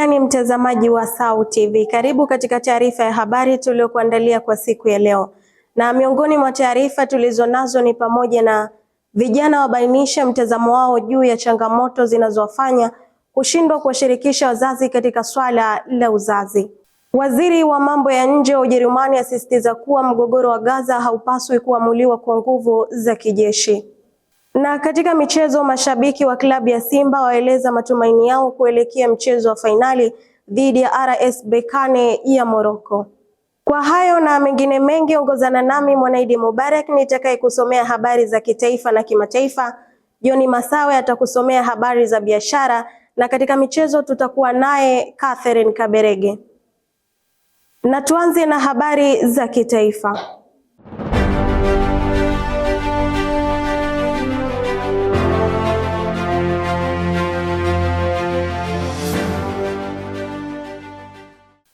gani mtazamaji wa SAU TV, karibu katika taarifa ya habari tuliyokuandalia kwa siku ya leo, na miongoni mwa taarifa tulizonazo ni pamoja na vijana wabainisha mtazamo wao juu ya changamoto zinazowafanya kushindwa kuwashirikisha wazazi katika swala la uzazi. Waziri wa mambo ya nje wa Ujerumani asisitiza kuwa mgogoro wa Gaza haupaswi kuamuliwa kwa nguvu za kijeshi. Na katika michezo, mashabiki wa klabu ya Simba waeleza matumaini yao kuelekea mchezo wa fainali dhidi ya RS Berkane ya Morocco. Kwa hayo na mengine mengi, ongozana nami Mwanaidi Mubarak nitakaye kusomea habari za kitaifa na kimataifa. Joni Masawe atakusomea habari za biashara na katika michezo tutakuwa naye Catherine Kaberege. Na tuanze na habari za kitaifa.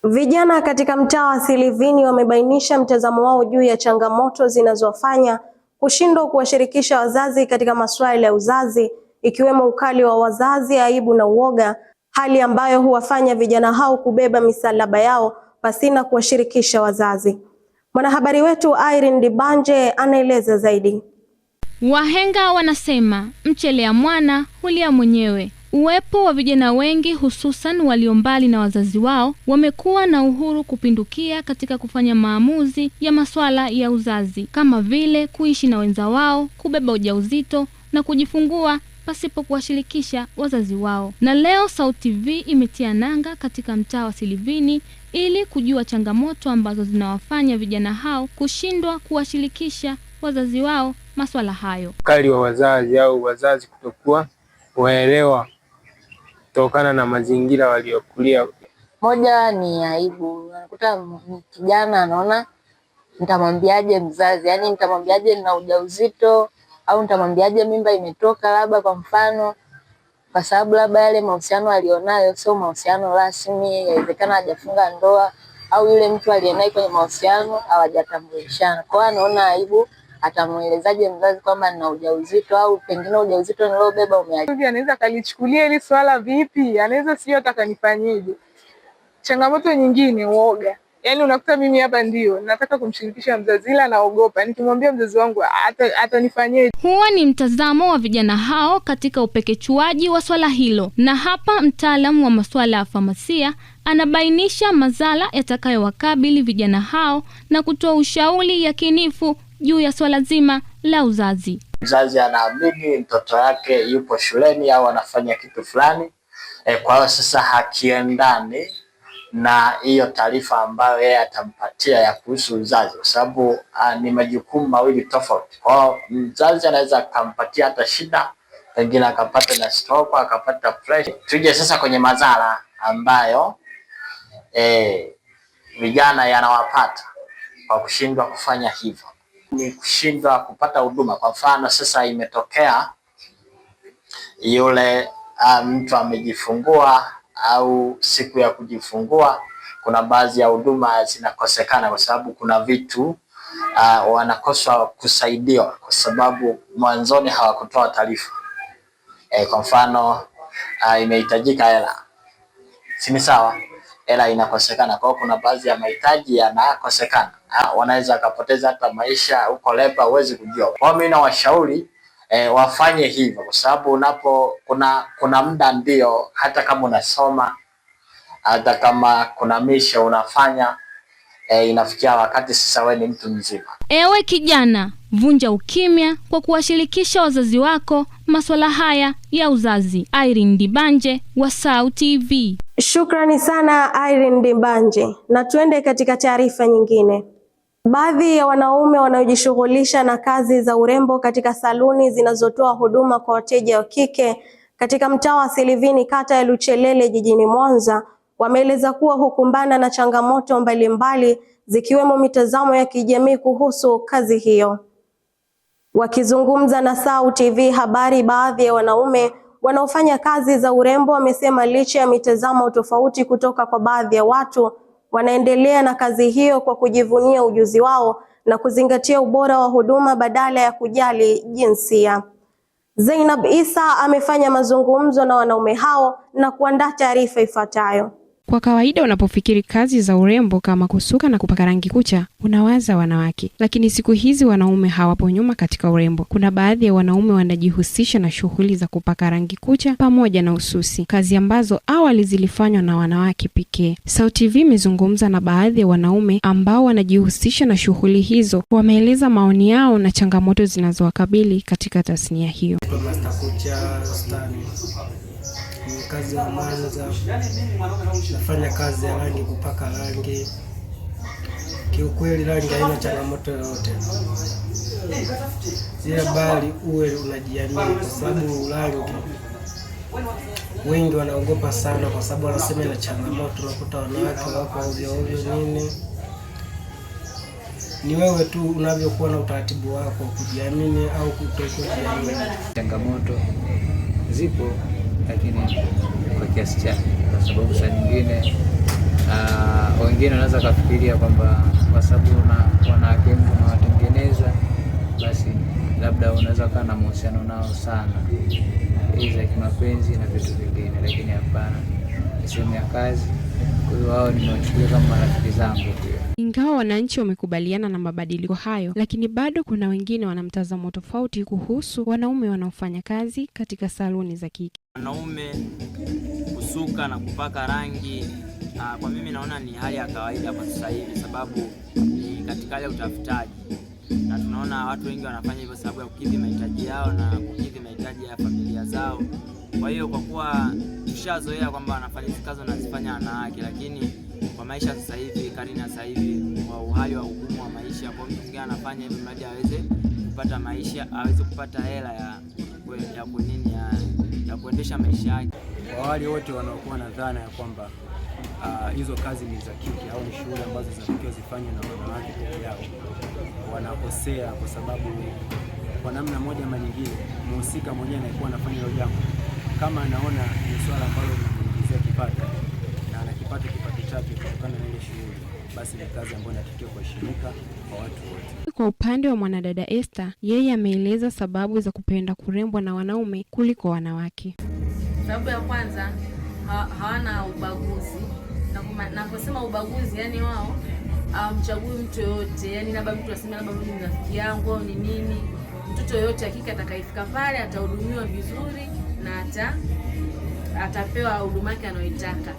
Vijana katika mtaa wa Silivini wamebainisha mtazamo wao juu ya changamoto zinazowafanya kushindwa kuwashirikisha wazazi katika masuala ya uzazi ikiwemo ukali wa wazazi, aibu na uoga, hali ambayo huwafanya vijana hao kubeba misalaba yao pasina kuwashirikisha wazazi. Mwanahabari wetu Irene Dibanje anaeleza zaidi. Wahenga wanasema mchelea mwana hulia mwenyewe. Uwepo wa vijana wengi hususan walio mbali na wazazi wao wamekuwa na uhuru kupindukia katika kufanya maamuzi ya masuala ya uzazi kama vile kuishi na wenza wao, kubeba ujauzito na kujifungua pasipo kuwashirikisha wazazi wao. Na leo Sauti V imetia nanga katika mtaa wa Silivini ili kujua changamoto ambazo zinawafanya vijana hao kushindwa kuwashirikisha wazazi wao masuala hayo. Ukali wa wazazi au wazazi kutokuwa waelewa kutokana na mazingira waliokulia. Moja ni aibu, unakuta kijana anaona nitamwambiaje mzazi, yaani nitamwambiaje nina ujauzito au nitamwambiaje mimba imetoka, labda kwa mfano, kwa sababu labda yale mahusiano alionayo sio mahusiano rasmi, yawezekana hajafunga ndoa au yule mtu aliyenaye kwenye mahusiano hawajatambulishana, kwa hiyo anaona aibu atamwelezaje mzazi kwamba nina ujauzito au pengine ujauzito niliobeba ume Anaweza akalichukulia hili swala vipi? Anaweza sio hata Changamoto nyingine uoga, yaani unakuta mimi hapa ndio nataka kumshirikisha mzazi, ila naogopa nikimwambia mzazi wangu atanifanyeje. Huo ni mtazamo wa vijana hao katika upekechuaji wa swala hilo, na hapa mtaalamu wa masuala ya famasia anabainisha madhara yatakayowakabili vijana hao na kutoa ushauri yakinifu juu ya swala zima la uzazi. Mzazi anaamini mtoto wake yupo shuleni au anafanya kitu fulani e, kwa hiyo sasa hakiendani na hiyo taarifa ambayo yeye atampatia ya kuhusu uzazi, kwa sababu ni majukumu mawili tofauti. Kwao mzazi anaweza akampatia hata shida, pengine akapata na stroke, akapata pressure. Tuje sasa kwenye madhara ambayo e, vijana yanawapata kwa kushindwa kufanya hivyo ni kushindwa kupata huduma. Kwa mfano sasa, imetokea yule uh, mtu amejifungua au siku ya kujifungua, kuna baadhi ya huduma zinakosekana kwa sababu kuna vitu uh, wanakoswa kusaidiwa kwa sababu mwanzoni hawakutoa taarifa e, kwa mfano uh, imehitajika hela, si sawa? hela inakosekana. Kwa hiyo kuna baadhi ya mahitaji yanakosekana, ah, wanaweza wakapoteza hata maisha huko leba, huwezi kujua. Kwa hiyo mimi nawashauri e, wafanye hivyo, kwa sababu unapo kuna kuna muda ndio, hata kama unasoma hata kama kuna misha unafanya e, inafikia wakati sasa wewe ni mtu mzima. Ewe eh, kijana, vunja ukimya kwa kuwashirikisha wazazi wako masuala haya ya uzazi. Irene Dibanje, Wasau TV. Shukrani sana Irene Dimbanje, na tuende katika taarifa nyingine. Baadhi ya wanaume wanaojishughulisha na kazi za urembo katika saluni zinazotoa huduma kwa wateja wa kike katika mtaa wa Silivini kata ya Luchelele jijini Mwanza wameeleza kuwa hukumbana na changamoto mbalimbali mbali, zikiwemo mitazamo ya kijamii kuhusu kazi hiyo. Wakizungumza na SAU TV habari, baadhi ya wanaume Wanaofanya kazi za urembo wamesema licha ya mitazamo tofauti kutoka kwa baadhi ya watu, wanaendelea na kazi hiyo kwa kujivunia ujuzi wao na kuzingatia ubora wa huduma badala ya kujali jinsia. Zainab Isa amefanya mazungumzo na wanaume hao na kuandaa taarifa ifuatayo. Kwa kawaida unapofikiri kazi za urembo kama kusuka na kupaka rangi kucha, unawaza wanawake, lakini siku hizi wanaume hawapo nyuma katika urembo. Kuna baadhi ya wanaume wanajihusisha na shughuli za kupaka rangi kucha pamoja na ususi, kazi ambazo awali zilifanywa na wanawake pekee. Sauti TV imezungumza na baadhi ya wanaume ambao wanajihusisha na shughuli hizo, wameeleza maoni yao na changamoto zinazowakabili katika tasnia hiyo kazi ya Mwanza, nafanya kazi ya rangi, kupaka rangi. Kiukweli rangi haina changamoto yoyote zile, bali uwe unajiamini, kwa sababu rangi wengi wanaogopa sana, kwa sababu wanasema ina changamoto. Unakuta wanawake wako ovyo ovyo nini. Ni wewe tu unavyokuwa na utaratibu wako, kujiamini au kutokujiamini. Changamoto zipo lakini kwa kiasi chake, kwa sababu saa nyingine uh, wengine wanaweza kafikiria kwamba kwa sababu wanawake wengi unawatengeneza, basi labda unaweza ukawa na mahusiano nao sana, iza kimapenzi na vitu vingine, lakini hapana, sehemu ya kazi. Kwa hiyo wao nimewachukulia kama marafiki zangu. Ingawa wananchi wamekubaliana na mabadiliko hayo, lakini bado kuna wengine wana mtazamo tofauti kuhusu wanaume wanaofanya kazi katika saluni za kike. Wanaume kusuka na kupaka rangi, Aa, ah, kwa mimi naona ni hali ya kawaida kwa sasa hivi, sababu ni katika ile utafutaji, na tunaona watu wengi wanafanya hivyo sababu ya kukidhi mahitaji yao na kukidhi mahitaji ya familia zao. Kwa hiyo kwa kuwa tushazoea kwamba wanafanya kazi wanazifanya wanawake, lakini maisha sasa hivi, karina sasa hivi, wa uhai wa ugumu wa maisha. Kwa mtu mwingine anafanya hivi mradi aweze kupata maisha, aweze kupata hela ya ya kunini ya, ya kuendesha maisha yake. Kwa wale wote wanaokuwa na dhana ya kwamba ah, hizo uh, kazi ni za kike au ni shughuli ambazo zinatakiwa zifanywe na wanawake peke yao, wanakosea kwa sababu kwa namna moja ama nyingine mhusika mwenyewe anayekuwa anafanya hilo jambo, kama anaona ni swala ambalo linamuingizia kipato na anakipata tatu kutokana na ile shughuli, basi ni kazi ambayo inatakiwa kuheshimika kwa watu wote. Kwa upande wa mwanadada Esther, yeye ameeleza sababu za kupenda kurembwa na wanaume kuliko wanawake. Sababu ya kwanza ha hawana ubaguzi naposema ubaguzi yani, wao hawamchagui um, mtu yoyote yani, labda mtu aseme labda mimi ni rafiki yangu au ni nini. Mtoto yoyote hakika atakayefika pale atahudumiwa vizuri na ata atapewa huduma yake anayoitaka.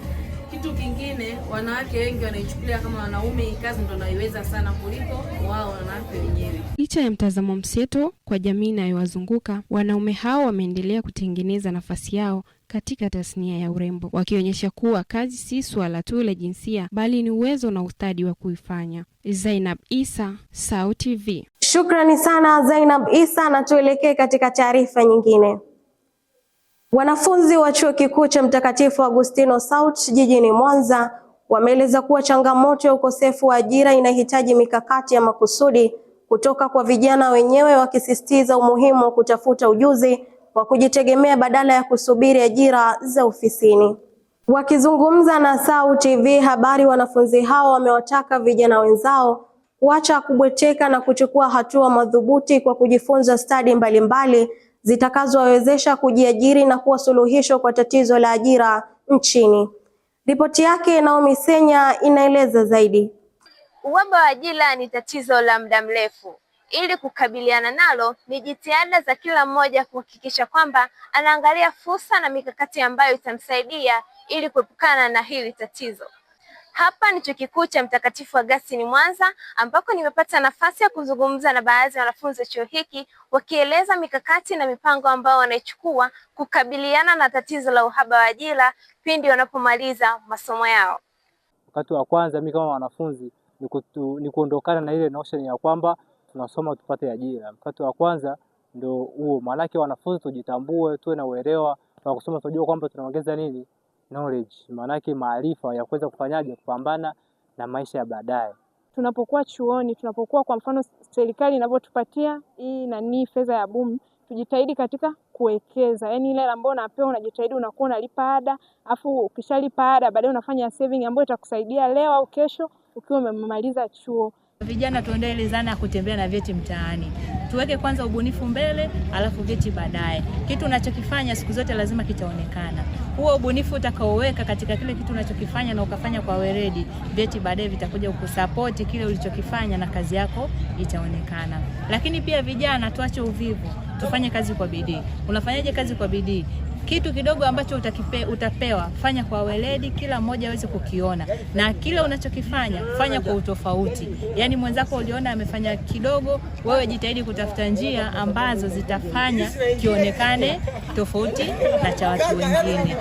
Kitu kingine wanawake wengi wanaichukulia kama wanaume, kazi ndo naiweza sana kuliko wao wanawake wenyewe. Licha ya mtazamo mseto kwa jamii inayowazunguka, wanaume hao wameendelea kutengeneza nafasi yao katika tasnia ya urembo, wakionyesha kuwa kazi si swala tu la jinsia, bali ni uwezo na ustadi wa kuifanya. Zainab Isa, SAUT TV. Shukrani sana Zainab Isa, na tuelekee katika taarifa nyingine. Wanafunzi wa Chuo Kikuu cha Mtakatifu Agustino SAUT jijini Mwanza wameeleza kuwa changamoto ya ukosefu wa ajira inahitaji mikakati ya makusudi kutoka kwa vijana wenyewe, wakisisitiza umuhimu wa kutafuta ujuzi wa kujitegemea badala ya kusubiri ajira za ofisini. Wakizungumza na SAUT TV Habari, wanafunzi hao wamewataka vijana wenzao kuacha kubweteka na kuchukua hatua madhubuti kwa kujifunza stadi mbalimbali zitakazowawezesha kujiajiri na kuwa suluhisho kwa tatizo la ajira nchini. Ripoti yake Naomi Senya inaeleza zaidi. Uhaba wa ajira ni tatizo la muda mrefu. Ili kukabiliana nalo, ni jitihada za kila mmoja kuhakikisha kwamba anaangalia fursa na mikakati ambayo itamsaidia ili kuepukana na hili tatizo. Hapa ni chuo kikuu cha Mtakatifu Agustini Mwanza, ambako nimepata nafasi ya kuzungumza na baadhi ya wanafunzi wa chuo hiki wakieleza mikakati na mipango ambao wanaichukua kukabiliana na tatizo la uhaba wa ajira pindi wanapomaliza masomo yao. Wakati wa kwanza mimi kama wanafunzi ni, kutu, ni kuondokana na ile notion ya kwamba tunasoma tupate ajira. Wakati wa kwanza ndio huo, maanake wanafunzi tujitambue, tuwe na uelewa kusoma, tunajua kwamba tunaongeza nini knowledge, maanake maarifa ya kuweza kufanyaje kupambana na maisha ya baadaye. Tunapokuwa chuoni, tunapokuwa kwa mfano serikali inavyotupatia hii nani fedha ya BUM, tujitahidi katika kuwekeza, yani ile ambayo unapewa unajitahidi, unakuwa unalipa ada, afu ukishalipa ada baadaye unafanya saving ambayo itakusaidia leo au kesho ukiwa umemaliza chuo. Vijana tuondoe ile zana ya kutembea na vyeti mtaani, tuweke kwanza ubunifu mbele, alafu vyeti baadaye. Kitu unachokifanya siku zote lazima kitaonekana. Huo ubunifu utakaoweka katika kile kitu unachokifanya na ukafanya kwa weledi, vyeti baadaye vitakuja kukusapoti kile ulichokifanya na kazi yako itaonekana. Lakini pia vijana, tuache uvivu, tufanye kazi kwa bidii. Unafanyaje kazi kwa bidii? kitu kidogo ambacho utakipe, utapewa fanya kwa weledi, kila mmoja aweze kukiona, na kile unachokifanya fanya kwa utofauti. Yaani mwenzako uliona amefanya kidogo, wewe jitahidi kutafuta njia ambazo zitafanya kionekane tofauti na cha watu wengine.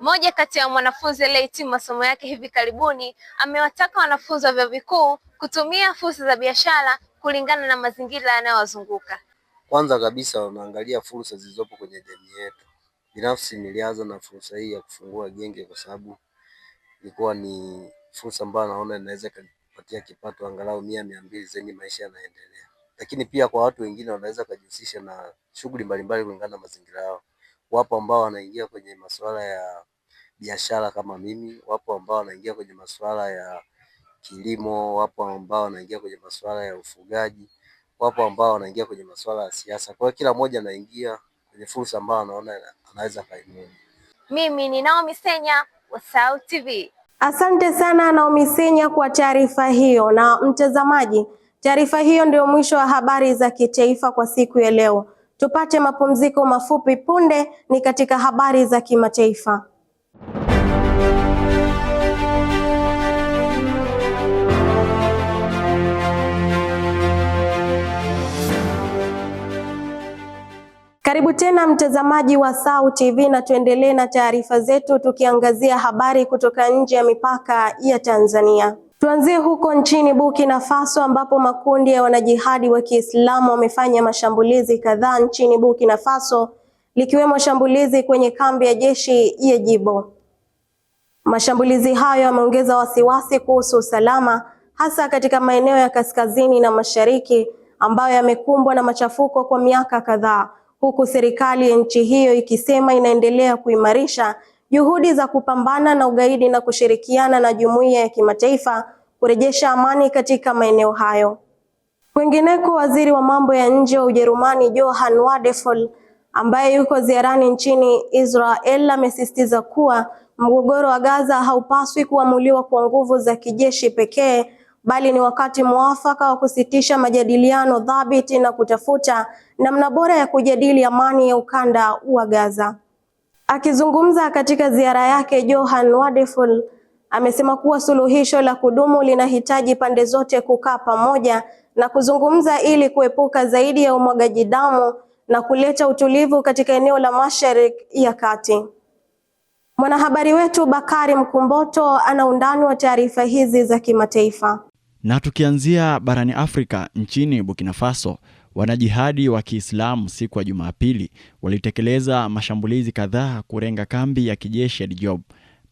Mmoja kati ya mwanafunzi aliyehitimu masomo yake hivi karibuni amewataka wanafunzi wa vyuo vikuu kutumia fursa za biashara kulingana na mazingira yanayowazunguka. Kwanza kabisa wanaangalia fursa zilizopo kwenye jamii yetu. Binafsi nilianza na fursa hii ya kufungua genge kwa sababu ilikuwa ni fursa ambayo naona inaweza kupatia kipato angalau mia mia mbili zaidi maisha yanaendelea. Lakini pia kwa watu wengine wanaweza kujihusisha na shughuli mbalimbali kulingana na mazingira yao. Wapo ambao wanaingia kwenye masuala ya biashara kama mimi, wapo ambao wanaingia kwenye masuala ya kilimo, wapo ambao wanaingia kwenye masuala ya ufugaji wapo ambao wanaingia kwenye masuala ya siasa. Kwa hiyo kila mmoja anaingia kwenye fursa ambayo anaona anaweza kainua. Mimi ni Naomi Senya wa Sau TV. Asante sana Naomi Senya kwa taarifa hiyo. Na mtazamaji, taarifa hiyo ndio mwisho wa habari za kitaifa kwa siku ya leo. Tupate mapumziko mafupi, punde ni katika habari za kimataifa. Karibu tena mtazamaji wa SAU TV na tuendelee na taarifa zetu tukiangazia habari kutoka nje ya mipaka ya Tanzania. Tuanzie huko nchini Burkina Faso ambapo makundi ya wanajihadi wa Kiislamu wamefanya mashambulizi kadhaa nchini Burkina Faso likiwemo shambulizi kwenye kambi ya jeshi ya Jibo. Mashambulizi hayo yameongeza wasiwasi kuhusu usalama hasa katika maeneo ya kaskazini na mashariki ambayo yamekumbwa na machafuko kwa miaka kadhaa huku serikali ya nchi hiyo ikisema inaendelea kuimarisha juhudi za kupambana na ugaidi na kushirikiana na jumuiya ya kimataifa kurejesha amani katika maeneo hayo. Kwingineko, waziri wa mambo ya nje wa Ujerumani Johann Wadephol ambaye yuko ziarani nchini Israel amesisitiza kuwa mgogoro wa Gaza haupaswi kuamuliwa kwa nguvu za kijeshi pekee bali ni wakati mwafaka wa kusitisha majadiliano dhabiti na kutafuta namna bora ya kujadili amani ya ukanda wa Gaza. Akizungumza katika ziara yake, Johan Wadeful amesema kuwa suluhisho la kudumu linahitaji pande zote kukaa pamoja na kuzungumza ili kuepuka zaidi ya umwagaji damu na kuleta utulivu katika eneo la Mashariki ya Kati. Mwanahabari wetu Bakari Mkumboto ana undani wa taarifa hizi za kimataifa. Na tukianzia barani Afrika, nchini Burkina Faso, wanajihadi wa Kiislamu siku ya Jumapili walitekeleza mashambulizi kadhaa kurenga kambi ya kijeshi ya Dijob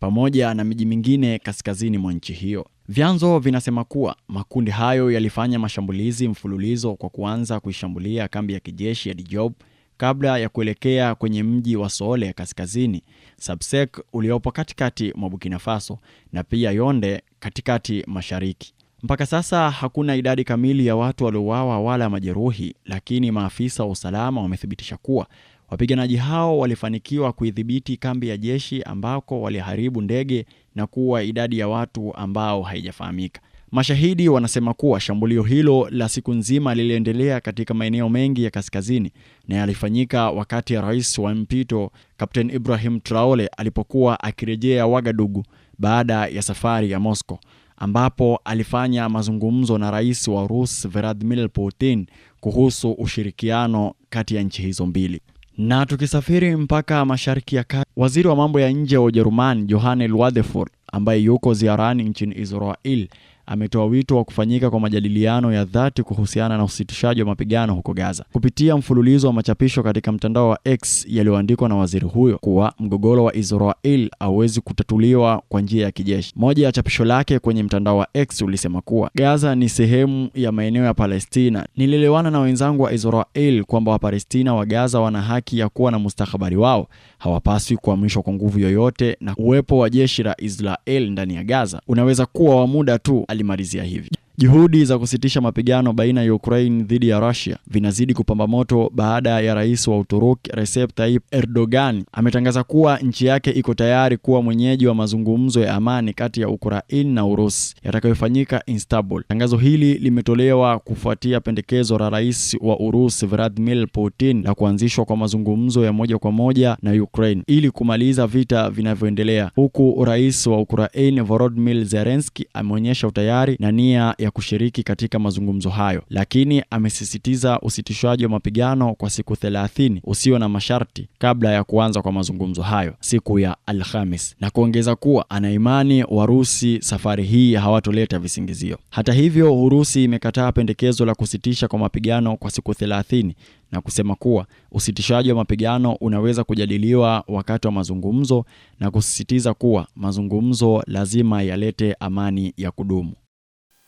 pamoja na miji mingine kaskazini mwa nchi hiyo. Vyanzo vinasema kuwa makundi hayo yalifanya mashambulizi mfululizo kwa kuanza kuishambulia kambi ya kijeshi ya Dijob kabla ya kuelekea kwenye mji wa ya kaskazini, Sabsek uliopo katikati mwa Burkina Faso na pia Yonde katikati mashariki. Mpaka sasa hakuna idadi kamili ya watu waliouawa wala majeruhi, lakini maafisa wa usalama wamethibitisha kuwa wapiganaji hao walifanikiwa kuidhibiti kambi ya jeshi ambako waliharibu ndege na kuwa idadi ya watu ambao haijafahamika. Mashahidi wanasema kuwa shambulio hilo la siku nzima liliendelea katika maeneo mengi ya kaskazini na yalifanyika wakati ya rais wa mpito Kapten Ibrahim Traore alipokuwa akirejea Wagadugu baada ya safari ya Moscow ambapo alifanya mazungumzo na rais wa rus Vladimir Putin kuhusu ushirikiano kati ya nchi hizo mbili. Na tukisafiri mpaka Mashariki ya Kati, waziri wa mambo ya nje wa Ujerumani Johannes Rutherford ambaye yuko ziarani nchini Israel ametoa wito wa kufanyika kwa majadiliano ya dhati kuhusiana na usitishaji wa mapigano huko Gaza kupitia mfululizo wa machapisho katika mtandao wa X yaliyoandikwa na waziri huyo kuwa mgogoro wa Israel hauwezi kutatuliwa kwa njia ya kijeshi. Moja ya chapisho lake kwenye mtandao wa X ulisema kuwa Gaza ni sehemu ya maeneo ya Palestina. Nilielewana na wenzangu wa Israel kwamba Wapalestina wa Gaza wana haki ya kuwa na mustakabali wao, hawapaswi kuhamishwa kwa nguvu yoyote, na uwepo wa jeshi la Israel ndani ya Gaza unaweza kuwa wa muda tu. Marizia Rive. Juhudi za kusitisha mapigano baina ya Ukraine dhidi ya Russia vinazidi kupamba moto baada ya rais wa Uturuki Recep Tayyip Erdogan ametangaza kuwa nchi yake iko tayari kuwa mwenyeji wa mazungumzo ya amani kati ya Ukraine na Urusi yatakayofanyika Istanbul. Tangazo hili limetolewa kufuatia pendekezo la rais wa Urusi Vladimir Putin la kuanzishwa kwa mazungumzo ya moja kwa moja na Ukraine ili kumaliza vita vinavyoendelea, huku rais wa Ukraine Volodymyr Zelensky ameonyesha utayari na nia ya ya kushiriki katika mazungumzo hayo, lakini amesisitiza usitishwaji wa mapigano kwa siku 30 usio na masharti kabla ya kuanza kwa mazungumzo hayo siku ya Alhamis, na kuongeza kuwa ana imani Warusi safari hii hawatoleta visingizio. Hata hivyo, Urusi imekataa pendekezo la kusitisha kwa mapigano kwa siku 30 na kusema kuwa usitishaji wa mapigano unaweza kujadiliwa wakati wa mazungumzo na kusisitiza kuwa mazungumzo lazima yalete amani ya kudumu.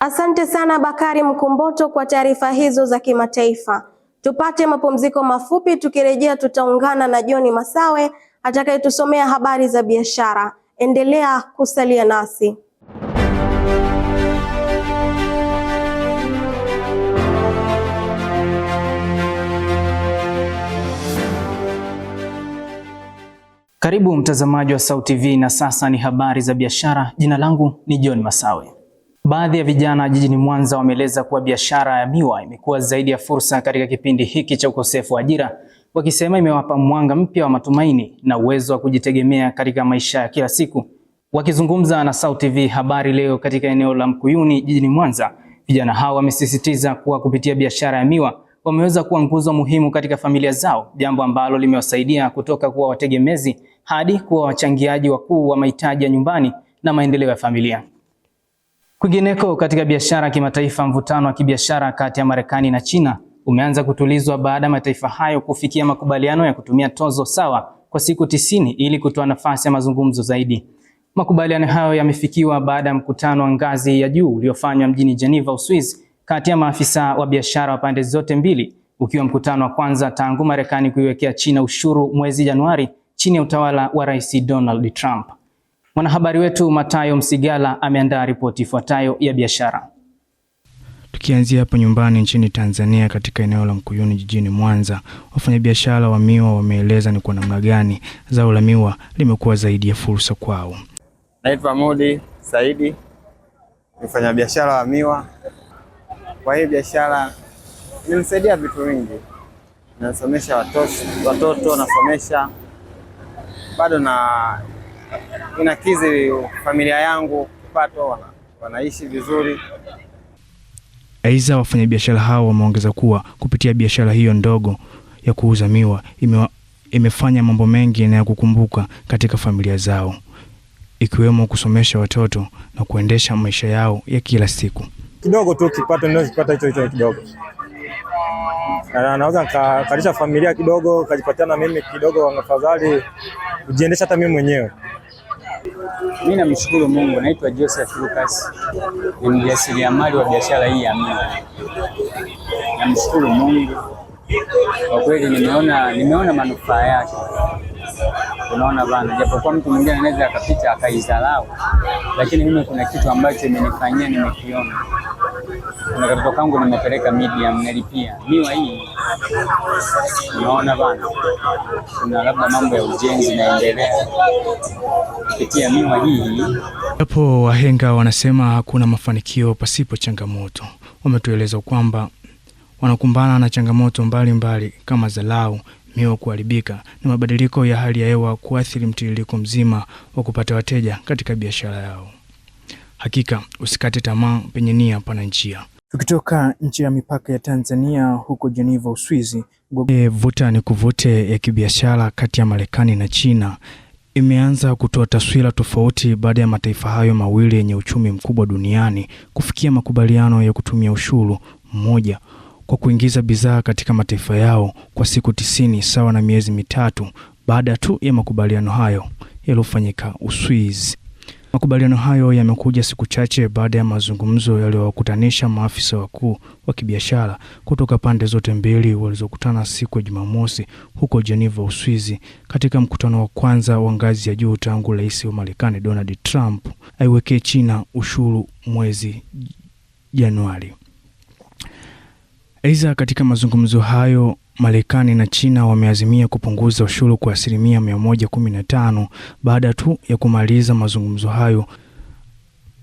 Asante sana Bakari mkumboto kwa taarifa hizo za kimataifa. Tupate mapumziko mafupi, tukirejea tutaungana na John Masawe atakayetusomea habari za biashara. Endelea kusalia nasi. Karibu mtazamaji wa SAUT TV na sasa ni habari za biashara. Jina langu ni John Masawe. Baadhi ya vijana jijini Mwanza wameeleza kuwa biashara ya miwa imekuwa zaidi ya fursa katika kipindi hiki cha ukosefu wa ajira, wakisema imewapa mwanga mpya wa matumaini na uwezo wa kujitegemea katika maisha ya kila siku. Wakizungumza na SAUT TV habari leo katika eneo la Mkuyuni jijini Mwanza, vijana hao wamesisitiza kuwa kupitia biashara ya miwa wameweza kuwa nguzo muhimu katika familia zao, jambo ambalo limewasaidia kutoka kuwa wategemezi hadi kuwa wachangiaji wakuu wa mahitaji ya nyumbani na maendeleo ya familia. Kwingineko katika biashara ya kimataifa, mvutano wa kibiashara kati ya Marekani na China umeanza kutulizwa baada ya mataifa hayo kufikia makubaliano ya kutumia tozo sawa kwa siku tisini ili kutoa nafasi ya mazungumzo zaidi. Makubaliano hayo yamefikiwa baada ya mkutano wa ngazi ya juu uliofanywa mjini Geneva, Uswizi, kati ya maafisa wa biashara wa pande zote mbili, ukiwa mkutano wa kwanza tangu Marekani kuiwekea China ushuru mwezi Januari chini ya utawala wa Rais Donald Trump. Mwanahabari wetu Matayo Msigala ameandaa ripoti ifuatayo ya biashara. Tukianzia hapa nyumbani nchini Tanzania, katika eneo la Mkuyuni jijini Mwanza, wafanyabiashara wa miwa wameeleza ni kwa namna gani zao la miwa limekuwa zaidi ya fursa kwao. Naitwa Mudi Saidi, mfanyabiashara wa miwa. Kwa hii biashara nimesaidia vitu vingi, nasomesha watoto, nasomesha bado na inakizi familia yangu kupatwa, wana, wanaishi vizuri. Aidha, wafanyabiashara hao wameongeza kuwa kupitia biashara hiyo ndogo ya kuuza miwa imefanya mambo mengi na ya kukumbuka katika familia zao ikiwemo kusomesha watoto na kuendesha maisha yao ya kila siku. Kidogo tu kipato ninachokipata hicho hicho kidogo, na naweza nikakalisha familia kidogo, na mimi kidogo, afadhali kujiendesha hata mimi mwenyewe. Mimi namshukuru Mungu. Naitwa Joseph Lucas, ni mjasiriamali wa biashara hii ya miwa. Namshukuru Mungu kwa kweli, nimeona nimeona manufaa yake. Unaona bana, japokuwa mtu mwingine anaweza akapita akaidharau, lakini mimi kuna kitu ambacho imenifanyia nimekiona kuna katoto kangu nimepeleka medium, nalipia miwa hii. Unaona bana, kuna labda mambo ya ujenzi naendelea kupitia miwa hii. Japo wahenga wanasema hakuna mafanikio pasipo changamoto, wametueleza kwamba wanakumbana na changamoto mbalimbali mbali, kama zalau miwa kuharibika na mabadiliko ya hali ya hewa kuathiri mtiririko mzima wa kupata wateja katika biashara yao. Hakika usikate tamaa, penye nia pana njia. Tukitoka nje ya mipaka ya Tanzania huko Geneva, Uswizi, e, vuta ni kuvute ya kibiashara kati ya Marekani na China imeanza kutoa taswira tofauti baada ya mataifa hayo mawili yenye uchumi mkubwa duniani kufikia makubaliano ya kutumia ushuru mmoja kwa kuingiza bidhaa katika mataifa yao kwa siku tisini sawa na miezi mitatu baada tu ya makubaliano hayo yaliyofanyika Uswizi. Makubaliano hayo yamekuja siku chache baada ya mazungumzo yaliyowakutanisha maafisa wakuu wa kibiashara kutoka pande zote mbili walizokutana siku ya Jumamosi huko Geneva, Uswizi, katika mkutano wa kwanza wa ngazi ya juu tangu rais wa Marekani Donald Trump aiwekee China ushuru mwezi Januari. Aidha, katika mazungumzo hayo Marekani na China wameazimia kupunguza ushuru kwa asilimia 115 baada tu ya kumaliza mazungumzo hayo.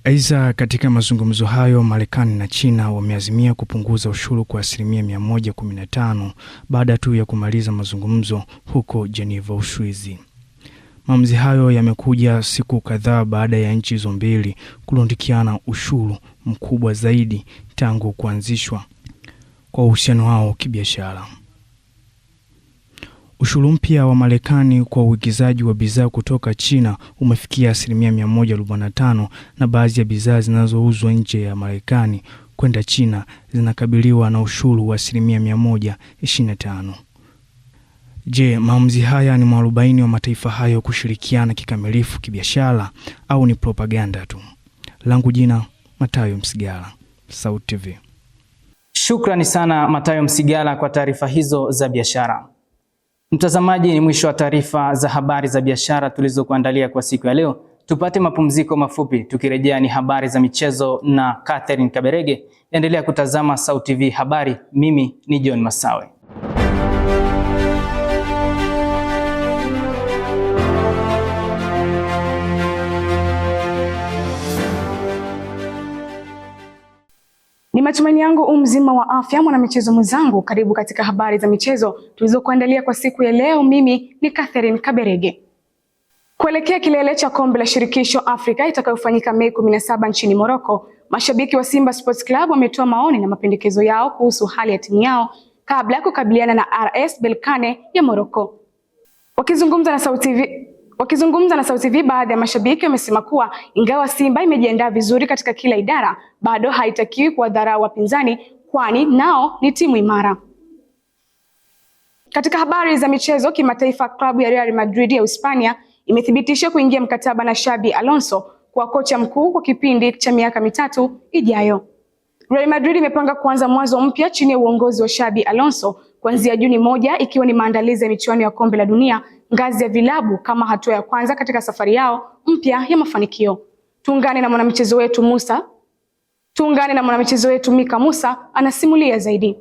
Aidha, katika mazungumzo hayo Marekani na China wameazimia kupunguza ushuru kwa asilimia 115 baada tu ya kumaliza mazungumzo huko Geneva, Uswizi. Maamuzi hayo yamekuja siku kadhaa baada ya nchi hizo mbili kurundikiana ushuru mkubwa zaidi tangu kuanzishwa kwa uhusiano wao kibiashara. Ushuru mpya wa Marekani kwa uigizaji wa bidhaa kutoka China umefikia asilimia 145 na baadhi ya bidhaa zinazouzwa nje ya Marekani kwenda China zinakabiliwa na ushuru wa asilimia 125. Je, maamuzi haya ni mwarobaini wa mataifa hayo kushirikiana kikamilifu kibiashara au ni propaganda tu? Langu jina Matayo Msigala, SAUT TV. Shukrani sana Matayo Msigala kwa taarifa hizo za biashara. Mtazamaji, ni mwisho wa taarifa za habari za biashara tulizokuandalia kwa siku ya leo. Tupate mapumziko mafupi, tukirejea ni habari za michezo na Catherine Kaberege. Endelea kutazama SauTV Habari. Mimi ni John Masawe. Matumaini yangu u mzima wa afya, mwanamichezo mwenzangu, karibu katika habari za michezo tulizokuandalia kwa siku ya leo. Mimi ni Catherine Kaberege. Kuelekea kilele cha kombe la shirikisho Afrika itakayofanyika Mei 17 nchini Morocco, mashabiki wa Simba Sports Club wametoa maoni na mapendekezo yao kuhusu hali ya timu yao kabla ya kukabiliana na RS Belkane ya Morocco. Wakizungumza na Sauti TV Wakizungumza na Sauti V, baadhi ya mashabiki wamesema kuwa ingawa Simba imejiandaa vizuri katika kila idara, bado haitakiwi kuwadharau wapinzani, kwani nao ni timu imara. Katika habari za michezo kimataifa, klabu ya Real Madrid ya uhispania imethibitisha kuingia mkataba na Xabi Alonso kuwa kocha mkuu kwa kipindi cha miaka mitatu ijayo. Real Madrid imepanga kuanza mwanzo mpya chini ya uongozi wa Xabi Alonso kuanzia Juni moja, ikiwa ni maandalizi ya michuano ya kombe la dunia ngazi ya vilabu kama hatua ya kwanza katika safari yao mpya ya mafanikio. Tuungane na mwanamichezo wetu Musa, tuungane na mwanamichezo wetu Mika Musa anasimulia zaidi.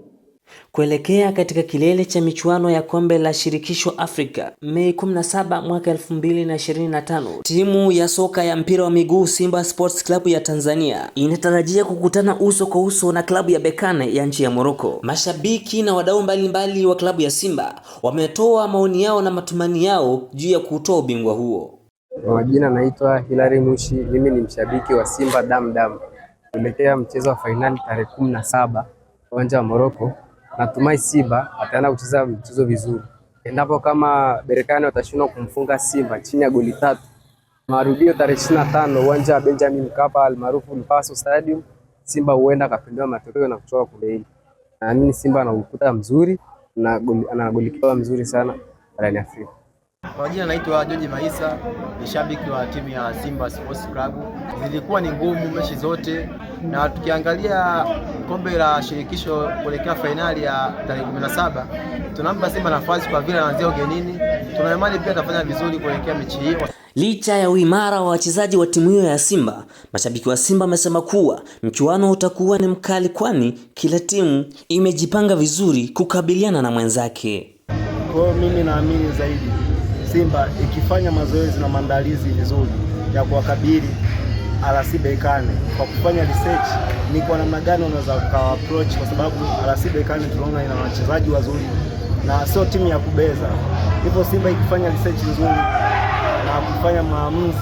Kuelekea katika kilele cha michuano ya kombe la shirikisho Afrika Mei 17 mwaka 2025, timu ya soka ya mpira wa miguu Simba Sports Club ya Tanzania inatarajia kukutana uso kwa uso na klabu ya bekane ya nchi ya Morocco. Mashabiki na wadau mbalimbali wa klabu ya Simba wametoa maoni yao na matumani yao juu ya kutoa ubingwa huo. Kwa majina naitwa Hilary Mushi, mimi ni mshabiki wa Simba damdam. Kuelekea mchezo wa fainali tarehe 17 uwanja wa Morocco natumai Simba ataenda kucheza mchezo vizuri. Endapo kama Berkane watashindwa kumfunga Simba chini ya goli tatu, marudio tarehe ishirini na tano uwanja wa Benjamin Mkapa almaarufu Mpaso Stadium, Simba huenda akapendewa matokeo na kutoka kule hili. Naamini Simba anaukuta mzuri na ana golikipa mzuri sana barani Afrika. Kwa jina naitwa George Maisa, ni shabiki wa timu ya Simba Sports Club. Zilikuwa ni ngumu mechi zote na tukiangalia kombe la shirikisho kuelekea fainali ya tarehe 17 tunampa Simba nafasi kwa vile anaanzia ugenini. tunaimani pia atafanya vizuri kuelekea mechi hiyo. Licha ya uimara wa wachezaji wa timu hiyo ya Simba, mashabiki wa Simba wamesema kuwa mchuano utakuwa ni mkali, kwani kila timu imejipanga vizuri kukabiliana na mwenzake. Kwa hiyo mimi naamini zaidi Simba ikifanya mazoezi na maandalizi vizuri ya kuwakabili RC Berkane kwa kufanya research ni kwa namna gani unaweza ukawa approach, kwa sababu RC Berkane tunaona ina wachezaji wazuri na sio timu ya kubeza. Hivyo Simba ikifanya research nzuri na kufanya maamuzi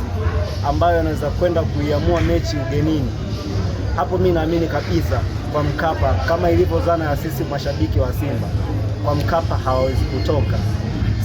ambayo anaweza kwenda kuiamua mechi ugenini, hapo mi naamini kabisa kwa Mkapa, kama ilivyo zana ya sisi mashabiki wa Simba, kwa Mkapa hawawezi kutoka.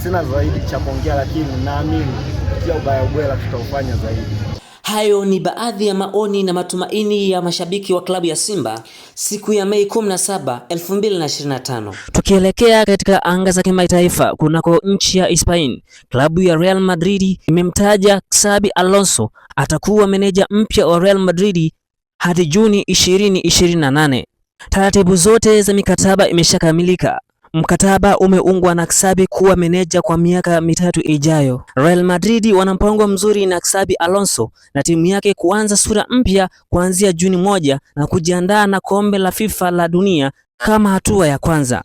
Sina zaidi cha kuongea, lakini naamini kupitia ubaya ubwela tutaufanya zaidi. Hayo ni baadhi ya maoni na matumaini ya mashabiki wa klabu ya Simba siku ya Mei 17, 2025. Tukielekea katika anga za kimataifa kunako nchi ya Spain, klabu ya Real Madrid imemtaja Xabi Alonso atakuwa meneja mpya wa Real Madrid hadi Juni 2028. Taratibu zote za mikataba imeshakamilika Mkataba umeungwa na Xabi kuwa meneja kwa miaka mitatu ijayo. Real Madrid wana mpango mzuri na Xabi Alonso na timu yake kuanza sura mpya kuanzia Juni moja na kujiandaa na kombe la FIFA la dunia kama hatua ya kwanza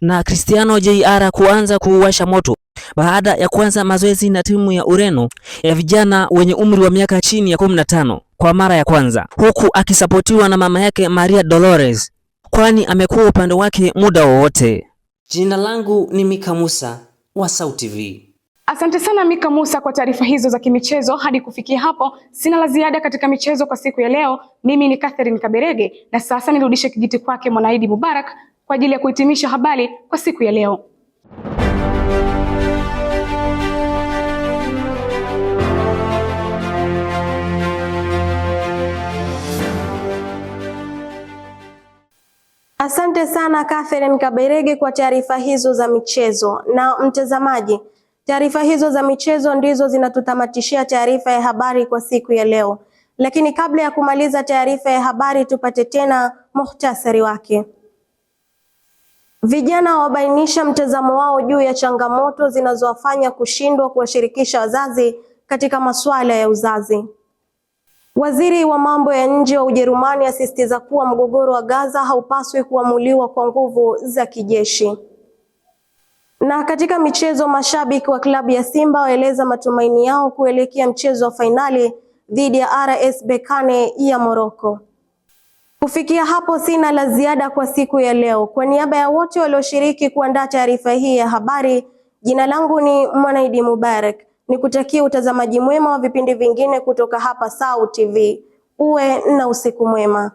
na Cristiano JR kuanza kuuwasha moto baada ya kuanza mazoezi na timu ya Ureno ya vijana wenye umri wa miaka chini ya 15 kwa mara ya kwanza, huku akisapotiwa na mama yake Maria Dolores, kwani amekuwa upande wake muda wowote. Jina langu ni Mika Musa wa SAUT TV. Asante sana Mika Musa kwa taarifa hizo za kimichezo. Hadi kufikia hapo, sina la ziada katika michezo kwa siku ya leo. Mimi ni Catherine Kaberege, na sasa nirudishe kijiti kwake Mwanaidi Mubarak kwa ajili ya kuhitimisha habari kwa siku ya leo. Asante sana Catherine Kaberege kwa taarifa hizo za michezo. Na mtazamaji, taarifa hizo za michezo ndizo zinatutamatishia taarifa ya habari kwa siku ya leo, lakini kabla ya kumaliza taarifa ya habari, tupate tena muhtasari wake. Vijana wabainisha mtazamo wao juu ya changamoto zinazowafanya kushindwa kuwashirikisha wazazi katika masuala ya uzazi. Waziri wa mambo ya nje wa Ujerumani asisitiza kuwa mgogoro wa Gaza haupaswi kuamuliwa kwa nguvu za kijeshi. Na katika michezo, mashabiki wa klabu ya Simba waeleza matumaini yao kuelekea mchezo wa fainali dhidi ya RS Berkane ya Morocco. Kufikia hapo sina la ziada kwa siku ya leo. Kwa niaba ya wote walioshiriki kuandaa taarifa hii ya habari, jina langu ni Mwanaidi Mubarak kutakia utazamaji mwema wa vipindi vingine kutoka hapa SAU TV. Uwe na usiku mwema.